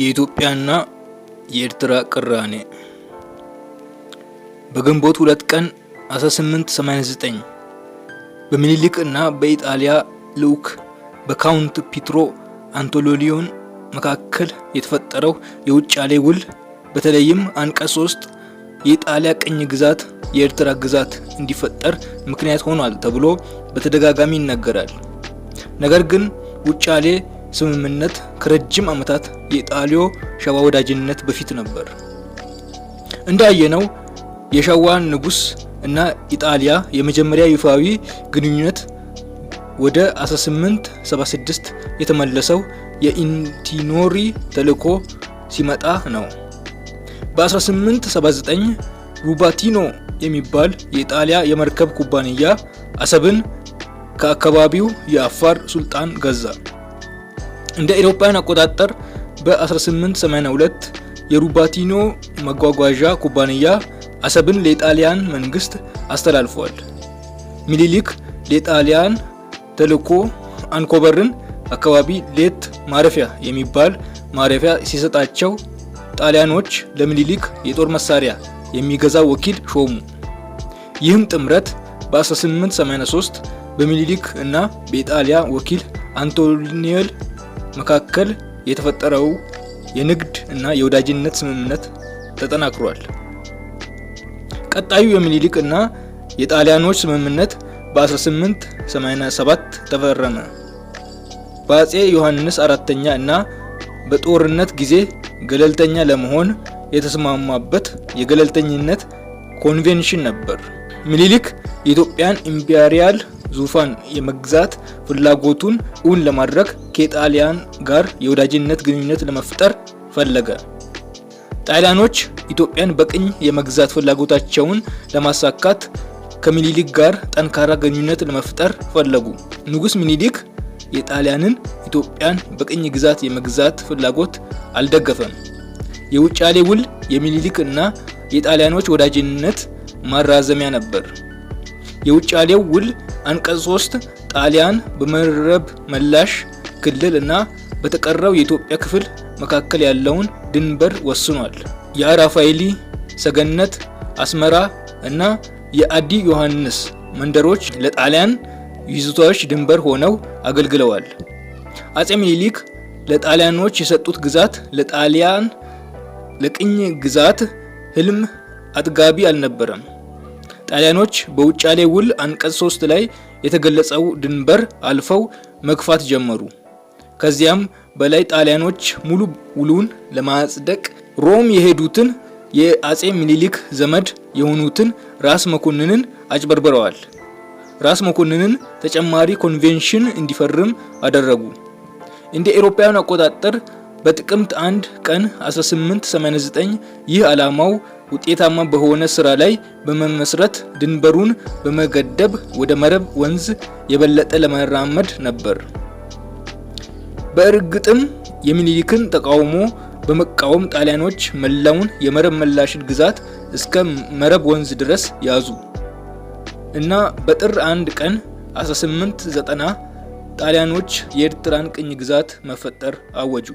የኢትዮጵያና የኤርትራ ቅራኔ በግንቦት ሁለት ቀን 1889 በሚኒሊክ እና በኢጣሊያ ልዑክ በካውንት ፒትሮ አንቶሎሊዮን መካከል የተፈጠረው የውጫሌ ውል በተለይም አንቀጽ 3 የኢጣሊያ ቅኝ ግዛት የኤርትራ ግዛት እንዲፈጠር ምክንያት ሆኗል ተብሎ በተደጋጋሚ ይነገራል። ነገር ግን ውጫሌ ስምምነት ከረጅም ዓመታት የጣሊዮ ሸዋ ወዳጅነት በፊት ነበር። እንዳየነው የሸዋ ንጉስ እና ኢጣሊያ የመጀመሪያ ይፋዊ ግንኙነት ወደ 1876 የተመለሰው የኢንቲኖሪ ተልዕኮ ሲመጣ ነው። በ1879 ሩባቲኖ የሚባል የኢጣሊያ የመርከብ ኩባንያ አሰብን ከአካባቢው የአፋር ሱልጣን ገዛ። እንደ አውሮፓውያን አቆጣጠር በ1882 የሩባቲኖ መጓጓዣ ኩባንያ አሰብን ለጣሊያን መንግስት አስተላልፏል። ሚኒሊክ ለጣሊያን ተልዕኮ አንኮበርን አካባቢ ሌት ማረፊያ የሚባል ማረፊያ ሲሰጣቸው ጣሊያኖች ለሚኒሊክ የጦር መሳሪያ የሚገዛ ወኪል ሾሙ። ይህም ጥምረት በ1883 በሚኒሊክ እና በኢጣሊያ ወኪል አንቶኒዮል መካከል የተፈጠረው የንግድ እና የወዳጅነት ስምምነት ተጠናክሯል። ቀጣዩ የሚኒሊክ እና የጣሊያኖች ስምምነት በ1887 ተፈረመ። በአጼ ዮሐንስ አራተኛ እና በጦርነት ጊዜ ገለልተኛ ለመሆን የተስማማበት የገለልተኝነት ኮንቬንሽን ነበር። ሚኒሊክ የኢትዮጵያን ኢምፔሪያል ዙፋን የመግዛት ፍላጎቱን እውን ለማድረግ ከጣሊያን ጋር የወዳጅነት ግንኙነት ለመፍጠር ፈለገ። ጣሊያኖች ኢትዮጵያን በቅኝ የመግዛት ፍላጎታቸውን ለማሳካት ከሚኒሊክ ጋር ጠንካራ ግንኙነት ለመፍጠር ፈለጉ። ንጉስ ሚኒሊክ የጣሊያንን ኢትዮጵያን በቅኝ ግዛት የመግዛት ፍላጎት አልደገፈም። የውጫሌ ውል የሚኒሊክ እና የጣሊያኖች ወዳጅነት ማራዘሚያ ነበር። የውጫሌው ውል አንቀጽ 3 ጣሊያን በመረብ መላሽ ክልል እና በተቀረው የኢትዮጵያ ክፍል መካከል ያለውን ድንበር ወስኗል። የአራፋይሊ ሰገነት፣ አስመራ እና የአዲ ዮሐንስ መንደሮች ለጣሊያን ይዞታዎች ድንበር ሆነው አገልግለዋል። አጼ ምኒልክ ለጣሊያኖች የሰጡት ግዛት ለጣሊያን ለቅኝ ግዛት ህልም አጥጋቢ አልነበረም። ጣሊያኖች በውጫሌ ውል አንቀጽ 3 ላይ የተገለጸው ድንበር አልፈው መግፋት ጀመሩ። ከዚያም በላይ ጣሊያኖች ሙሉ ውሉን ለማጽደቅ ሮም የሄዱትን የአጼ ምኒልክ ዘመድ የሆኑትን ራስ መኮንንን አጭበርብረዋል። ራስ መኮንንን ተጨማሪ ኮንቬንሽን እንዲፈርም አደረጉ። እንደ ኤሮፓውያን አቆጣጠር በጥቅምት 1 ቀን 1889 ይህ ዓላማው ውጤታማ በሆነ ስራ ላይ በመመስረት ድንበሩን በመገደብ ወደ መረብ ወንዝ የበለጠ ለመራመድ ነበር። በእርግጥም የሚኒሊክን ተቃውሞ በመቃወም ጣሊያኖች መላውን የመረብ መላሽን ግዛት እስከ መረብ ወንዝ ድረስ ያዙ እና በጥር አንድ ቀን 1890 ጣሊያኖች የኤርትራን ቅኝ ግዛት መፈጠር አወጁ።